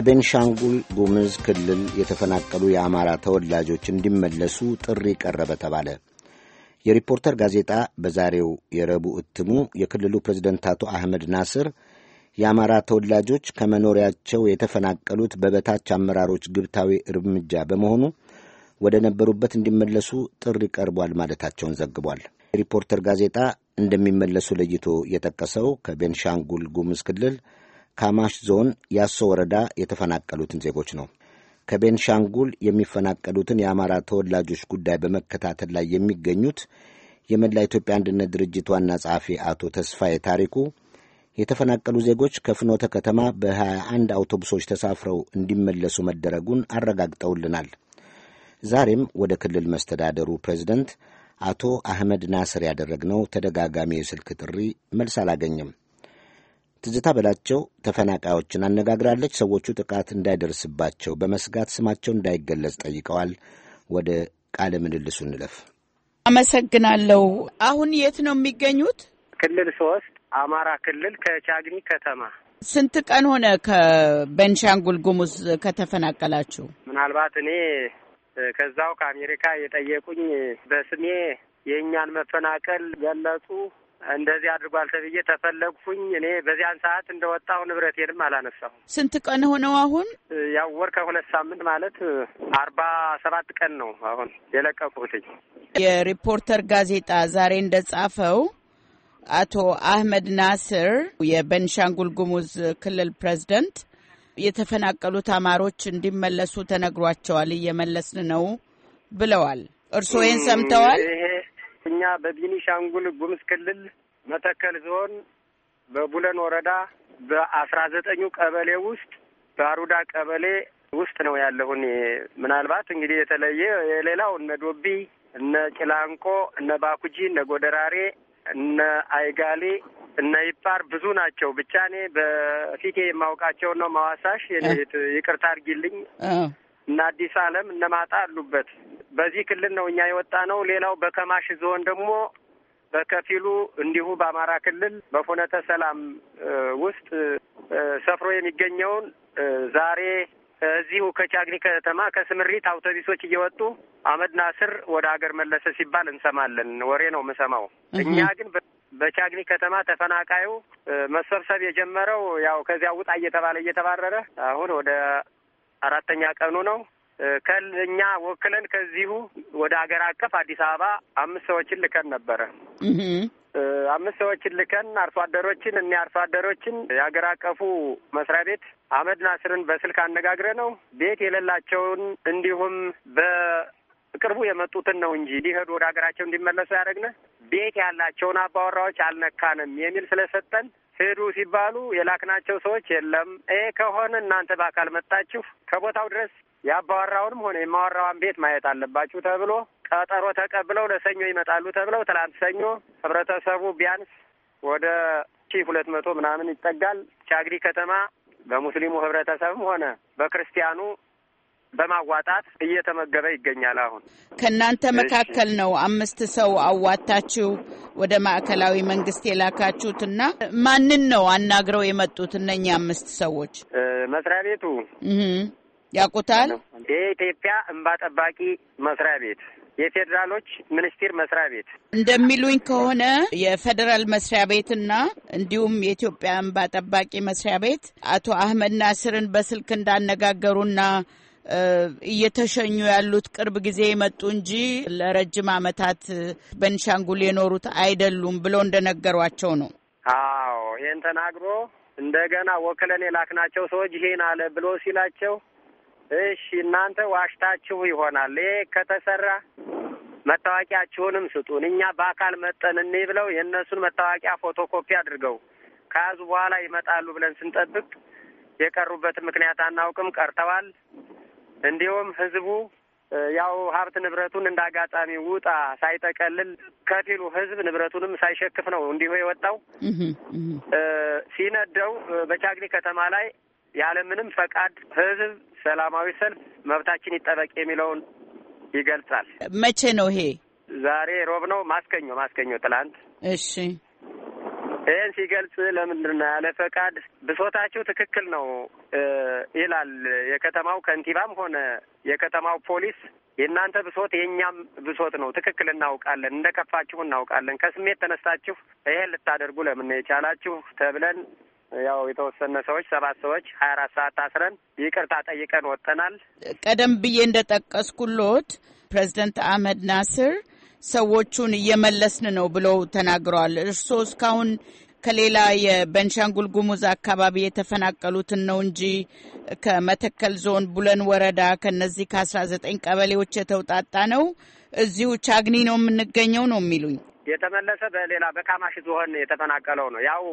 ከቤንሻንጉል ጉምዝ ክልል የተፈናቀሉ የአማራ ተወላጆች እንዲመለሱ ጥሪ ቀረበ ተባለ። የሪፖርተር ጋዜጣ በዛሬው የረቡዕ እትሙ የክልሉ ፕሬዝደንት አቶ አህመድ ናስር የአማራ ተወላጆች ከመኖሪያቸው የተፈናቀሉት በበታች አመራሮች ግብታዊ እርምጃ በመሆኑ ወደ ነበሩበት እንዲመለሱ ጥሪ ቀርቧል ማለታቸውን ዘግቧል። የሪፖርተር ጋዜጣ እንደሚመለሱ ለይቶ የጠቀሰው ከቤንሻንጉል ጉምዝ ክልል ካማሽ ዞን ያሶ ወረዳ የተፈናቀሉትን ዜጎች ነው። ከቤንሻንጉል የሚፈናቀሉትን የአማራ ተወላጆች ጉዳይ በመከታተል ላይ የሚገኙት የመላ ኢትዮጵያ አንድነት ድርጅት ዋና ጸሐፊ አቶ ተስፋዬ ታሪኩ የተፈናቀሉ ዜጎች ከፍኖተ ከተማ በ21 አውቶቡሶች ተሳፍረው እንዲመለሱ መደረጉን አረጋግጠውልናል። ዛሬም ወደ ክልል መስተዳደሩ ፕሬዝደንት አቶ አህመድ ናስር ያደረግነው ተደጋጋሚ የስልክ ጥሪ መልስ አላገኘም። ትዝታ በላቸው ተፈናቃዮችን አነጋግራለች። ሰዎቹ ጥቃት እንዳይደርስባቸው በመስጋት ስማቸው እንዳይገለጽ ጠይቀዋል። ወደ ቃለ ምልልሱ እንለፍ። አመሰግናለሁ። አሁን የት ነው የሚገኙት? ክልል ሶስት አማራ ክልል ከቻግኒ ከተማ። ስንት ቀን ሆነ ከቤንሻንጉል ጉሙዝ ከተፈናቀላችሁ? ምናልባት እኔ ከዛው ከአሜሪካ የጠየቁኝ በስሜ የእኛን መፈናቀል ገለጹ እንደዚህ አድርጓል ተብዬ ተፈለግኩኝ። እኔ በዚያን ሰዓት እንደወጣሁ ንብረቴንም አላነሳሁ። ስንት ቀን ሆነው አሁን? ያው ወር ከሁለት ሳምንት ማለት አርባ ሰባት ቀን ነው አሁን የለቀቁትኝ። የሪፖርተር ጋዜጣ ዛሬ ጻፈው አቶ አህመድ ናስር የበንሻንጉል ጉሙዝ ክልል ፕሬዝደንት የተፈናቀሉት አማሮች እንዲመለሱ ተነግሯቸዋል፣ እየመለስን ነው ብለዋል። እርስዎ ይህን ሰምተዋል? እኛ በቢኒሻንጉል ጉምዝ ክልል መተከል ዞን በቡለን ወረዳ በአስራ ዘጠኙ ቀበሌ ውስጥ በአሩዳ ቀበሌ ውስጥ ነው ያለሁን። ምናልባት እንግዲህ የተለየ የሌላው እነ ዶቢ፣ እነ ጭላንቆ፣ እነ ባኩጂ፣ እነ ጎደራሬ፣ እነ አይጋሌ፣ እነ ይፓር ብዙ ናቸው። ብቻ እኔ በፊቴ የማውቃቸውን ነው ማዋሳሽ፣ ይቅርታ አድርጊልኝ። እነ አዲስ አለም እነ ማጣ አሉበት በዚህ ክልል ነው እኛ የወጣ ነው። ሌላው በከማሽ ዞን ደግሞ በከፊሉ እንዲሁ በአማራ ክልል በፉነተ ሰላም ውስጥ ሰፍሮ የሚገኘውን ዛሬ እዚሁ ከቻግኒ ከተማ ከስምሪት አውቶቢሶች እየወጡ አመድ ናስር ወደ ሀገር መለሰ ሲባል እንሰማለን። ወሬ ነው የምሰማው። እኛ ግን በቻግኒ ከተማ ተፈናቃዩ መሰብሰብ የጀመረው ያው ከዚያ ውጣ እየተባለ እየተባረረ አሁን ወደ አራተኛ ቀኑ ነው። ከእኛ ወክለን ከዚሁ ወደ ሀገር አቀፍ አዲስ አበባ አምስት ሰዎችን ልከን ነበረ። አምስት ሰዎችን ልከን አርሶ አደሮችን እኒ አርሶ አደሮችን የሀገር አቀፉ መስሪያ ቤት አህመድ ናስርን በስልክ አነጋግረ ነው ቤት የሌላቸውን እንዲሁም በቅርቡ የመጡትን ነው እንጂ ሊሄዱ ወደ ሀገራቸው እንዲመለሱ ያደረግነ ቤት ያላቸውን አባወራዎች አልነካንም የሚል ስለሰጠን ሄዱ ሲባሉ የላክናቸው ሰዎች የለም። ይሄ ከሆነ እናንተ በአካል መጣችሁ ከቦታው ድረስ የአባወራውንም ሆነ የማወራዋን ቤት ማየት አለባችሁ ተብሎ ቀጠሮ ተቀብለው ለሰኞ ይመጣሉ ተብለው ትላንት ሰኞ ህብረተሰቡ ቢያንስ ወደ ሺህ ሁለት መቶ ምናምን ይጠጋል። ቻግሪ ከተማ በሙስሊሙ ህብረተሰብም ሆነ በክርስቲያኑ በማዋጣት እየተመገበ ይገኛል። አሁን ከእናንተ መካከል ነው አምስት ሰው አዋጣችሁ ወደ ማዕከላዊ መንግስት የላካችሁት እና ማንን ነው አናግረው የመጡት እነኚህ አምስት ሰዎች? መስሪያ ቤቱ ያውቁታል። የኢትዮጵያ እንባ ጠባቂ መስሪያ ቤት የፌዴራሎች ሚኒስቴር መስሪያ ቤት እንደሚሉኝ ከሆነ የፌዴራል መስሪያ ቤትና እንዲሁም የኢትዮጵያ እንባ ጠባቂ መስሪያ ቤት አቶ አህመድ ናስርን በስልክ እንዳነጋገሩና እየተሸኙ ያሉት ቅርብ ጊዜ የመጡ እንጂ ለረጅም ዓመታት በንሻንጉል የኖሩት አይደሉም ብሎ እንደነገሯቸው ነው። አዎ ይህን ተናግሮ እንደገና ወክለን የላክናቸው ሰዎች ይሄን አለ ብሎ ሲላቸው እሺ እናንተ ዋሽታችሁ ይሆናል ይሄ ከተሰራ መታወቂያችሁንም ስጡን እኛ በአካል መጠን እኔ ብለው የእነሱን መታወቂያ ፎቶኮፒ አድርገው ከያዙ በኋላ ይመጣሉ ብለን ስንጠብቅ የቀሩበትን ምክንያት አናውቅም፣ ቀርተዋል። እንዲሁም ህዝቡ ያው ሀብት ንብረቱን እንደ አጋጣሚ ውጣ ሳይጠቀልል ከፊሉ ህዝብ ንብረቱንም ሳይሸክፍ ነው እንዲሁ የወጣው። ሲነደው በቻግኒ ከተማ ላይ ያለምንም ፈቃድ ህዝብ ሰላማዊ ሰልፍ መብታችን ይጠበቅ የሚለውን ይገልጻል። መቼ ነው ይሄ? ዛሬ ሮብ ነው። ማስከኞ ማስከኞ፣ ትላንት። እሺ ይህን ሲገልጽ ለምንድን ነው ያለ ፈቃድ ብሶታችሁ ትክክል ነው ይላል የከተማው ከንቲባም ሆነ የከተማው ፖሊስ። የእናንተ ብሶት የእኛም ብሶት ነው፣ ትክክል እናውቃለን፣ እንደ ከፋችሁ እናውቃለን። ከስሜት ተነስታችሁ ይሄን ልታደርጉ ለምን የቻላችሁ ተብለን ያው የተወሰነ ሰዎች ሰባት ሰዎች ሀያ አራት ሰዓት ታስረን ይቅርታ ጠይቀን ወጥተናል። ቀደም ብዬ እንደ ጠቀስኩሎት ፕሬዚደንት አህመድ ናስር ሰዎቹን እየመለስን ነው ብለው ተናግረዋል። እርስዎ እስካሁን ከሌላ የቤንሻንጉል ጉሙዝ አካባቢ የተፈናቀሉትን ነው እንጂ ከመተከል ዞን ቡለን ወረዳ ከነዚህ ከ19 ቀበሌዎች የተውጣጣ ነው። እዚሁ ቻግኒ ነው የምንገኘው ነው የሚሉኝ። የተመለሰ በሌላ በካማሽ ዞን የተፈናቀለው ነው ያው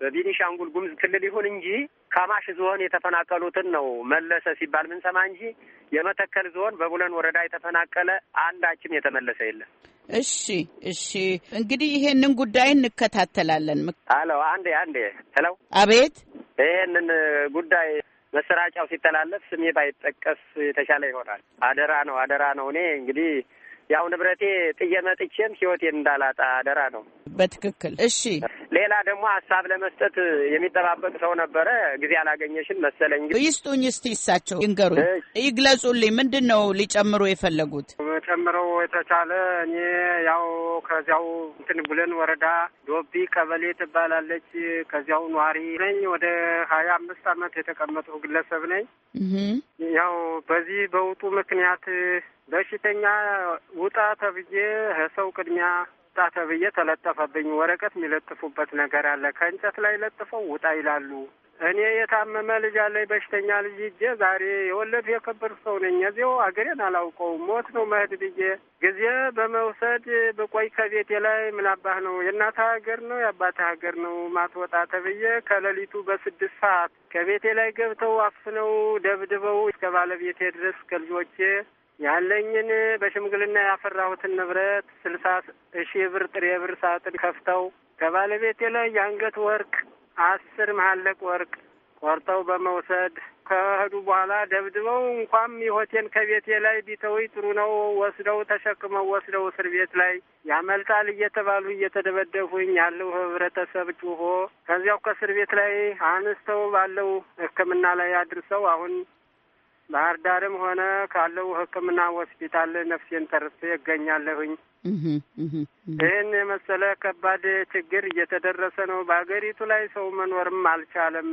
በቤኒሻንጉል ጉሙዝ ክልል ይሁን እንጂ ከማሽ ዞን የተፈናቀሉትን ነው መለሰ ሲባል ምንሰማ እንጂ የመተከል ዞን በቡለን ወረዳ የተፈናቀለ አንዳችም የተመለሰ የለም። እሺ፣ እሺ። እንግዲህ ይሄንን ጉዳይ እንከታተላለን። አለው አንዴ፣ አንዴ። ሄለው፣ አቤት። ይሄንን ጉዳይ መሰራጫው ሲተላለፍ ስሜ ባይጠቀስ የተሻለ ይሆናል። አደራ ነው፣ አደራ ነው። እኔ እንግዲህ ያው ንብረቴ ጥዬ መጥቼም ህይወቴን እንዳላጣ አደራ ነው። በትክክል እሺ። ሌላ ደግሞ ሀሳብ ለመስጠት የሚጠባበቅ ሰው ነበረ። ጊዜ አላገኘሽን መሰለኝ። ይስጡኝ እስቲ እሳቸው ይንገሩ፣ ይግለጹልኝ። ምንድን ነው ሊጨምሩ የፈለጉት? ጨምረው የተቻለ እኔ ያው ከዚያው እንትን ቡለን ወረዳ ዶቢ ቀበሌ ትባላለች። ከዚያው ኗሪ ነኝ። ወደ ሀያ አምስት አመት የተቀመጥኩ ግለሰብ ነኝ። ያው በዚህ በውጡ ምክንያት በሽተኛ ውጣ ተብዬ ሰው ቅድሚያ ውጣ ተብዬ ተለጠፈብኝ ወረቀት የሚለጥፉበት ነገር አለ። ከእንጨት ላይ ለጥፈው ውጣ ይላሉ። እኔ የታመመ ልጅ አለኝ፣ በሽተኛ ልጅ ይዤ ዛሬ የወለዱ የክብር ሰው ነኝ። እዚው አገሬን አላውቀውም፣ ሞት ነው መሄድ ብዬ ጊዜ በመውሰድ ብቆይ ከቤቴ ላይ ምናባህ ነው የእናተ ሀገር ነው የአባተ ሀገር ነው ማትወጣ ተብዬ ከሌሊቱ በስድስት ሰዓት ከቤቴ ላይ ገብተው አፍነው ደብድበው እስከ ባለቤቴ ድረስ ከልጆቼ ያለኝን በሽምግልና ያፈራሁትን ንብረት ስልሳ ሺህ ብር ጥሬ ብር ሳጥን ከፍተው ከባለቤቴ ላይ የአንገት ወርቅ አስር መሀለቅ ወርቅ ቆርጠው በመውሰድ ከሄዱ በኋላ ደብድበው እንኳም የሆቴን ከቤቴ ላይ ቢተውኝ ጥሩ ነው። ወስደው ተሸክመው ወስደው እስር ቤት ላይ ያመልጣል እየተባሉ እየተደበደፉኝ ያለው ህብረተሰብ ጩሆ ከዚያው ከእስር ቤት ላይ አንስተው ባለው ሕክምና ላይ አድርሰው አሁን ባህር ዳርም ሆነ ካለው ሕክምና ሆስፒታል ነፍሴን ተርፌ እገኛለሁኝ። ይህን የመሰለ ከባድ ችግር እየተደረሰ ነው በሀገሪቱ ላይ። ሰው መኖርም አልቻለም።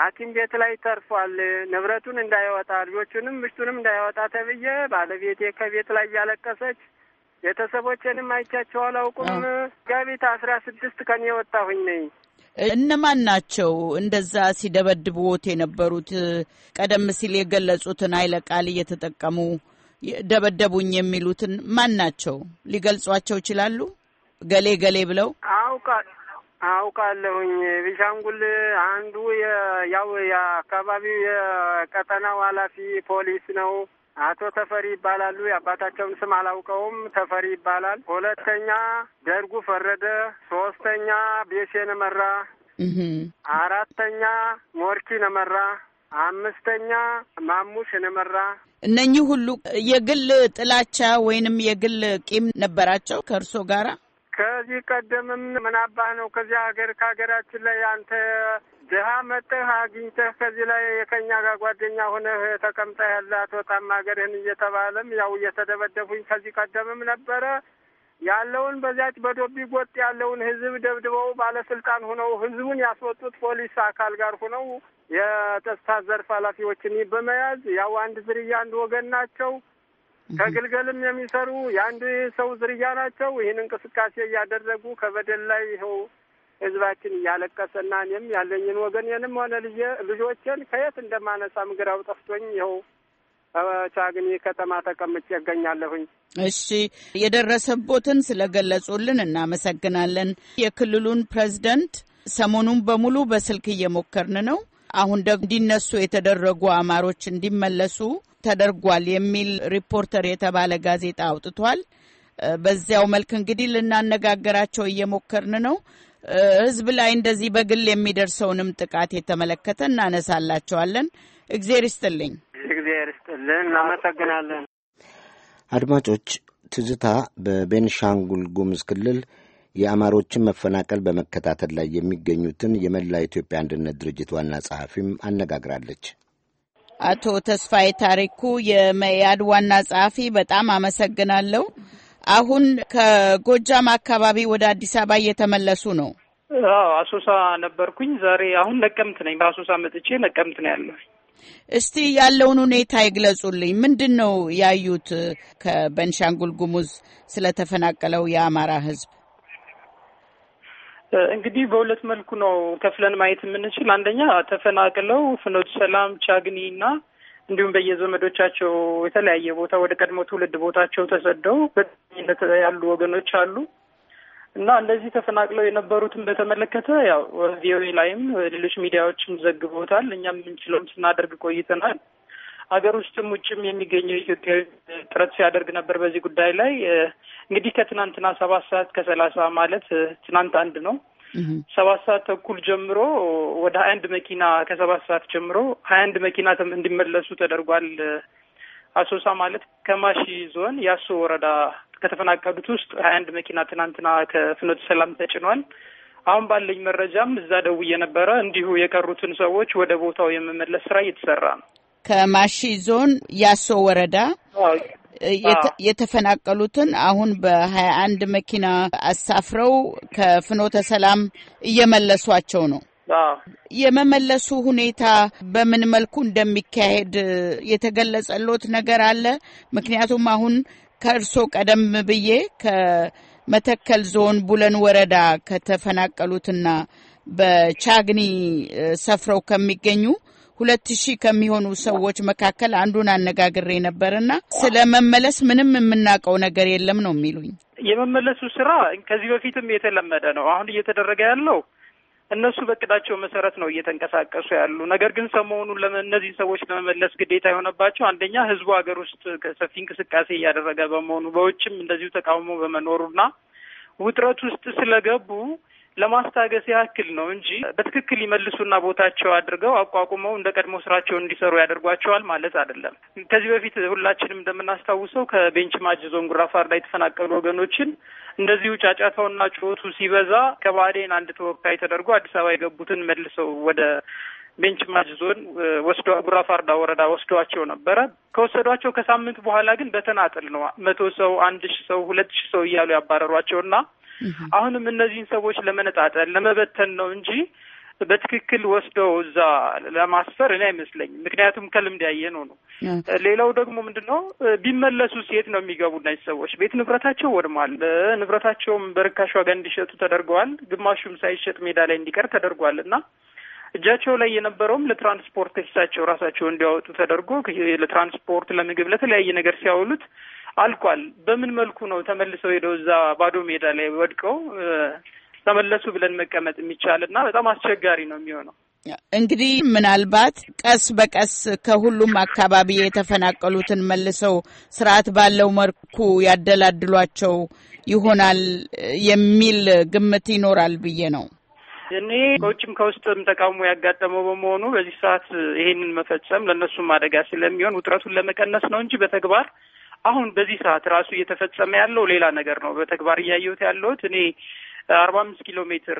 ሐኪም ቤት ላይ ተርፏል። ንብረቱን እንዳይወጣ ልጆቹንም ምሽቱንም እንዳይወጣ ተብዬ ባለቤቴ ከቤት ላይ እያለቀሰች ቤተሰቦቼንም አይቻቸው አላውቁም። ጋቢት አስራ ስድስት ቀን የወጣሁኝ ነኝ እነማን ናቸው እንደዛ ሲደበድቡት የነበሩት? ቀደም ሲል የገለጹትን አይለቃል እየተጠቀሙ ደበደቡኝ የሚሉትን ማን ናቸው? ሊገልጿቸው ይችላሉ? ገሌ ገሌ ብለው አውቃለሁኝ። ቢሻንጉል አንዱ ያው የአካባቢው የቀጠናው ኃላፊ ፖሊስ ነው። አቶ ተፈሪ ይባላሉ። የአባታቸውን ስም አላውቀውም። ተፈሪ ይባላል። ሁለተኛ ደርጉ ፈረደ፣ ሶስተኛ ቤሴ መራ፣ አራተኛ ሞርኪ ነመራ፣ አምስተኛ ማሙሽ ነመራ። እነኚህ ሁሉ የግል ጥላቻ ወይንም የግል ቂም ነበራቸው ከእርሶ ጋራ ከዚህ ቀደምም ምናባህ ነው ከዚህ ሀገር ከሀገራችን ላይ አንተ ድሀ መጠህ አግኝተህ ከዚህ ላይ የከኛ ጋር ጓደኛ ሆነህ ተቀምጠህ ያለ አትወጣም ሀገርህን እየተባለም ያው እየተደበደቡኝ ከዚህ ቀደምም ነበረ ያለውን በዚያች በዶቢ ጎጥ ያለውን ህዝብ ደብድበው ባለስልጣን ሆነው ህዝቡን ያስወጡት ፖሊስ አካል ጋር ሆነው የጸጥታ ዘርፍ ኃላፊዎችን በመያዝ ያው አንድ ዝርያ አንድ ወገን ናቸው። ከግልገልም የሚሰሩ የአንድ ሰው ዝርያ ናቸው። ይህን እንቅስቃሴ እያደረጉ ከበደል ላይ ይኸው ህዝባችን እያለቀሰና እኔም ያለኝን ወገኔንም ሆነ ልጆቼን ከየት እንደማነሳም ግራው ጠፍቶኝ ይኸው ቻግኒ ከተማ ተቀምጬ እገኛለሁኝ። እሺ፣ የደረሰቦትን ስለገለጹልን እናመሰግናለን። የክልሉን ፕሬዝደንት ሰሞኑን በሙሉ በስልክ እየሞከርን ነው። አሁን ደግሞ እንዲነሱ የተደረጉ አማሮች እንዲመለሱ ተደርጓል የሚል ሪፖርተር የተባለ ጋዜጣ አውጥቷል። በዚያው መልክ እንግዲህ ልናነጋገራቸው እየሞከርን ነው። ህዝብ ላይ እንደዚህ በግል የሚደርሰውንም ጥቃት የተመለከተ እናነሳላቸዋለን። እግዜር ይስጥልኝ። እግዜር ይስጥልን። እናመሰግናለን። አድማጮች፣ ትዝታ በቤንሻንጉል ጉሙዝ ክልል የአማሮችን መፈናቀል በመከታተል ላይ የሚገኙትን የመላ ኢትዮጵያ አንድነት ድርጅት ዋና ጸሐፊም አነጋግራለች። አቶ ተስፋዬ ታሪኩ የመያድ ዋና ጸሐፊ፣ በጣም አመሰግናለሁ። አሁን ከጎጃም አካባቢ ወደ አዲስ አበባ እየተመለሱ ነው? አዎ አሶሳ ነበርኩኝ። ዛሬ አሁን ነቀምት ነኝ። በአሶሳ መጥቼ ነቀምት ነው ያለ። እስቲ ያለውን ሁኔታ ይግለጹልኝ። ምንድን ነው ያዩት ከበንሻንጉል ጉሙዝ ስለተፈናቀለው የአማራ ህዝብ እንግዲህ በሁለት መልኩ ነው ከፍለን ማየት የምንችል። አንደኛ ተፈናቅለው ፍኖት ሰላም፣ ቻግኒ እና እንዲሁም በየዘመዶቻቸው የተለያየ ቦታ ወደ ቀድሞ ትውልድ ቦታቸው ተሰደው በነት ያሉ ወገኖች አሉ እና እንደዚህ ተፈናቅለው የነበሩትን በተመለከተ ያው ቪኦኤ ላይም ሌሎች ሚዲያዎችም ዘግበውታል። እኛም የምንችለውም ስናደርግ ቆይተናል። ሀገር ውስጥም ውጭም የሚገኘው ኢትዮጵያዊ ጥረት ሲያደርግ ነበር። በዚህ ጉዳይ ላይ እንግዲህ ከትናንትና ሰባት ሰዓት ከሰላሳ ማለት ትናንት አንድ ነው ሰባት ሰዓት ተኩል ጀምሮ ወደ ሀያ አንድ መኪና ከሰባት ሰዓት ጀምሮ ሀያ አንድ መኪና እንዲመለሱ ተደርጓል። አሶሳ ማለት ከማሺ ዞን የአሶ ወረዳ ከተፈናቀሉት ውስጥ ሀያ አንድ መኪና ትናንትና ከፍኖተ ሰላም ተጭኗል። አሁን ባለኝ መረጃም እዛ ደውዬ ነበረ። እንዲሁ የቀሩትን ሰዎች ወደ ቦታው የመመለስ ስራ እየተሰራ ነው። ከማሺ ዞን ያሶ ወረዳ የተፈናቀሉትን አሁን በሀያ አንድ መኪና አሳፍረው ከፍኖተ ሰላም እየመለሷቸው ነው። የመመለሱ ሁኔታ በምን መልኩ እንደሚካሄድ የተገለጸሎት ነገር አለ? ምክንያቱም አሁን ከእርሶ ቀደም ብዬ ከመተከል ዞን ቡለን ወረዳ ከተፈናቀሉትና በቻግኒ ሰፍረው ከሚገኙ ሁለት ሺህ ከሚሆኑ ሰዎች መካከል አንዱን አነጋግሬ ነበርና ስለ መመለስ ምንም የምናውቀው ነገር የለም ነው የሚሉኝ። የመመለሱ ስራ ከዚህ በፊትም የተለመደ ነው። አሁን እየተደረገ ያለው እነሱ በቅዳቸው መሰረት ነው እየተንቀሳቀሱ ያሉ። ነገር ግን ሰሞኑን እነዚህ ሰዎች ለመመለስ ግዴታ የሆነባቸው አንደኛ ህዝቡ ሀገር ውስጥ ሰፊ እንቅስቃሴ እያደረገ በመሆኑ በውጭም እንደዚሁ ተቃውሞ በመኖሩና ውጥረት ውስጥ ስለገቡ ለማስታገስ ያክል ነው እንጂ በትክክል ይመልሱና ቦታቸው አድርገው አቋቁመው እንደ ቀድሞ ስራቸውን እንዲሰሩ ያደርጓቸዋል ማለት አይደለም። ከዚህ በፊት ሁላችንም እንደምናስታውሰው ከቤንች ማጅ ዞን ጉራፋር ላይ የተፈናቀሉ ወገኖችን እንደዚሁ ጫጫታውና ጩኸቱ ሲበዛ ከባዴን አንድ ተወካይ ተደርጎ አዲስ አበባ የገቡትን መልሰው ወደ ቤንች ዞን ወስዶ ጉራፋርዳ ወረዳ ወስዷቸው ነበረ። ከወሰዷቸው ከሳምንት በኋላ ግን በተናጠል ነው መቶ ሰው አንድ ሺ ሰው ሁለት ሺ ሰው እያሉ ያባረሯቸው እና አሁንም እነዚህን ሰዎች ለመነጣጠል ለመበተን ነው እንጂ በትክክል ወስደው እዛ ለማስፈር እኔ አይመስለኝም። ምክንያቱም ከልምድ ያየ ነው ነው። ሌላው ደግሞ ምንድን ነው ቢመለሱ የት ነው የሚገቡ እነዚህ ሰዎች? ቤት ንብረታቸው ወድሟል። ንብረታቸውም በርካሽ ዋጋ እንዲሸጡ ተደርገዋል። ግማሹም ሳይሸጥ ሜዳ ላይ እንዲቀር ተደርጓል እና እጃቸው ላይ የነበረውም ለትራንስፖርት እሳቸው ራሳቸው እንዲያወጡ ተደርጎ ለትራንስፖርት፣ ለምግብ፣ ለተለያየ ነገር ሲያውሉት አልቋል። በምን መልኩ ነው ተመልሰው ሄደው እዛ ባዶ ሜዳ ላይ ወድቀው ተመለሱ ብለን መቀመጥ የሚቻል እና በጣም አስቸጋሪ ነው የሚሆነው። እንግዲህ ምናልባት ቀስ በቀስ ከሁሉም አካባቢ የተፈናቀሉትን መልሰው ስርዓት ባለው መልኩ ያደላድሏቸው ይሆናል የሚል ግምት ይኖራል ብዬ ነው። እኔ ከውጭም ከውስጥም ተቃውሞ ያጋጠመው በመሆኑ በዚህ ሰዓት ይሄንን መፈጸም ለእነሱም አደጋ ስለሚሆን ውጥረቱን ለመቀነስ ነው እንጂ በተግባር አሁን በዚህ ሰዓት ራሱ እየተፈጸመ ያለው ሌላ ነገር ነው። በተግባር እያየሁት ያለሁት እኔ አርባ አምስት ኪሎ ሜትር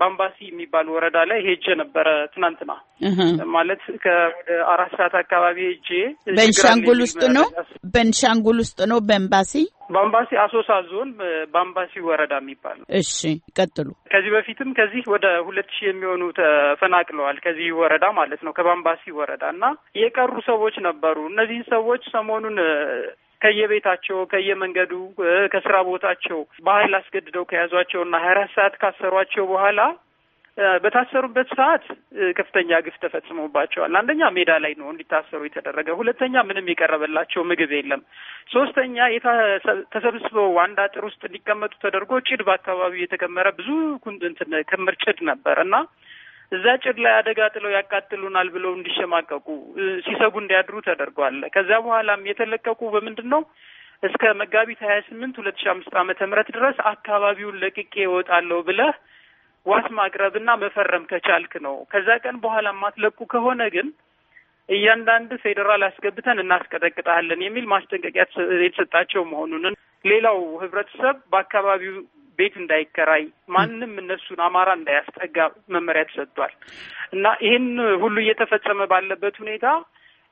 ባምባሲ የሚባል ወረዳ ላይ ሄጄ ነበረ ትናንትና። ማለት ከወደ አራት ሰዓት አካባቢ ሄጄ በንሻንጉል ውስጥ ነው በንሻንጉል ውስጥ ነው በምባሲ ባምባሲ አሶሳ ዞን ባምባሲ ወረዳ የሚባል ነው። እሺ ቀጥሉ። ከዚህ በፊትም ከዚህ ወደ ሁለት ሺህ የሚሆኑ ተፈናቅለዋል ከዚህ ወረዳ ማለት ነው ከባምባሲ ወረዳ እና የቀሩ ሰዎች ነበሩ። እነዚህን ሰዎች ሰሞኑን ከየቤታቸው ከየመንገዱ ከስራ ቦታቸው በኃይል አስገድደው ከያዟቸውና ሀያ አራት ሰዓት ካሰሯቸው በኋላ በታሰሩበት ሰዓት ከፍተኛ ግፍ ተፈጽሞባቸዋል። አንደኛ ሜዳ ላይ ነው እንዲታሰሩ የተደረገ፣ ሁለተኛ ምንም የቀረበላቸው ምግብ የለም፣ ሶስተኛ ተሰብስበው አንድ አጥር ውስጥ እንዲቀመጡ ተደርጎ ጭድ በአካባቢው የተከመረ ብዙ ክምር ጭድ ነበር እና እዛ ጭድ ላይ አደጋ ጥለው ያቃጥሉናል ብለው እንዲሸማቀቁ ሲሰጉ እንዲያድሩ ተደርጓል። ከዚያ በኋላም የተለቀቁ በምንድን ነው እስከ መጋቢት ሀያ ስምንት ሁለት ሺ አምስት ዓመተ ምህረት ድረስ አካባቢውን ለቅቄ እወጣለሁ ብለህ ዋስ ማቅረብና መፈረም ከቻልክ ነው። ከዛ ቀን በኋላ ማትለቁ ከሆነ ግን እያንዳንድ ፌዴራል አስገብተን እናስቀጠቅጣለን የሚል ማስጠንቀቂያ የተሰጣቸው መሆኑን ሌላው ህብረተሰብ በአካባቢው ቤት እንዳይከራይ ማንም እነሱን አማራ እንዳያስጠጋ መመሪያ ተሰጥቷል እና ይህን ሁሉ እየተፈጸመ ባለበት ሁኔታ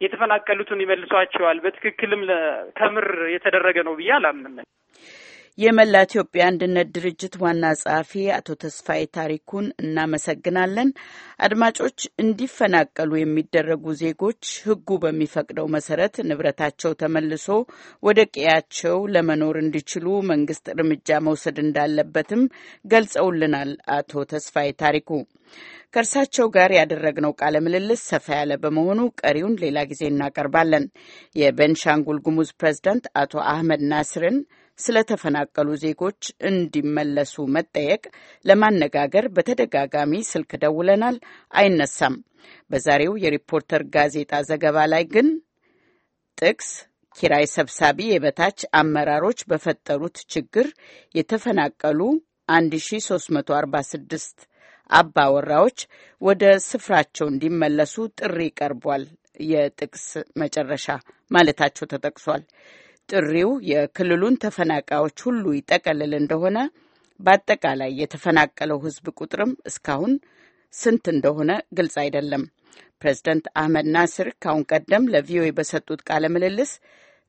የተፈናቀሉትን ይመልሷቸዋል። በትክክልም ከምር የተደረገ ነው ብዬ አላምንም። የመላ ኢትዮጵያ አንድነት ድርጅት ዋና ጸሐፊ አቶ ተስፋዬ ታሪኩን እናመሰግናለን። አድማጮች፣ እንዲፈናቀሉ የሚደረጉ ዜጎች ሕጉ በሚፈቅደው መሰረት ንብረታቸው ተመልሶ ወደ ቀያቸው ለመኖር እንዲችሉ መንግስት እርምጃ መውሰድ እንዳለበትም ገልጸውልናል። አቶ ተስፋዬ ታሪኩ ከእርሳቸው ጋር ያደረግነው ቃለ ምልልስ ሰፋ ያለ በመሆኑ ቀሪውን ሌላ ጊዜ እናቀርባለን። የቤንሻንጉል ጉሙዝ ፕሬዝዳንት አቶ አህመድ ናስርን ስለተፈናቀሉ ዜጎች እንዲመለሱ መጠየቅ ለማነጋገር በተደጋጋሚ ስልክ ደውለናል፣ አይነሳም። በዛሬው የሪፖርተር ጋዜጣ ዘገባ ላይ ግን ጥቅስ ኪራይ ሰብሳቢ የበታች አመራሮች በፈጠሩት ችግር የተፈናቀሉ 1346 አባወራዎች ወደ ስፍራቸው እንዲመለሱ ጥሪ ቀርቧል። የጥቅስ መጨረሻ ማለታቸው ተጠቅሷል። ጥሪው የክልሉን ተፈናቃዮች ሁሉ ይጠቀልል እንደሆነ በአጠቃላይ የተፈናቀለው ሕዝብ ቁጥርም እስካሁን ስንት እንደሆነ ግልጽ አይደለም። ፕሬዚደንት አህመድ ናስር ካሁን ቀደም ለቪኦኤ በሰጡት ቃለ ምልልስ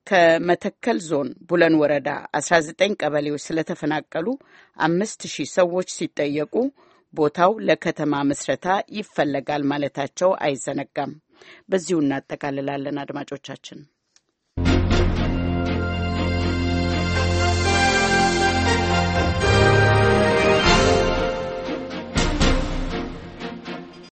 ከመተከል ዞን ቡለን ወረዳ 19 ቀበሌዎች ስለተፈናቀሉ አምስት ሺህ ሰዎች ሲጠየቁ ቦታው ለከተማ ምስረታ ይፈለጋል ማለታቸው አይዘነጋም። በዚሁ እናጠቃልላለን አድማጮቻችን።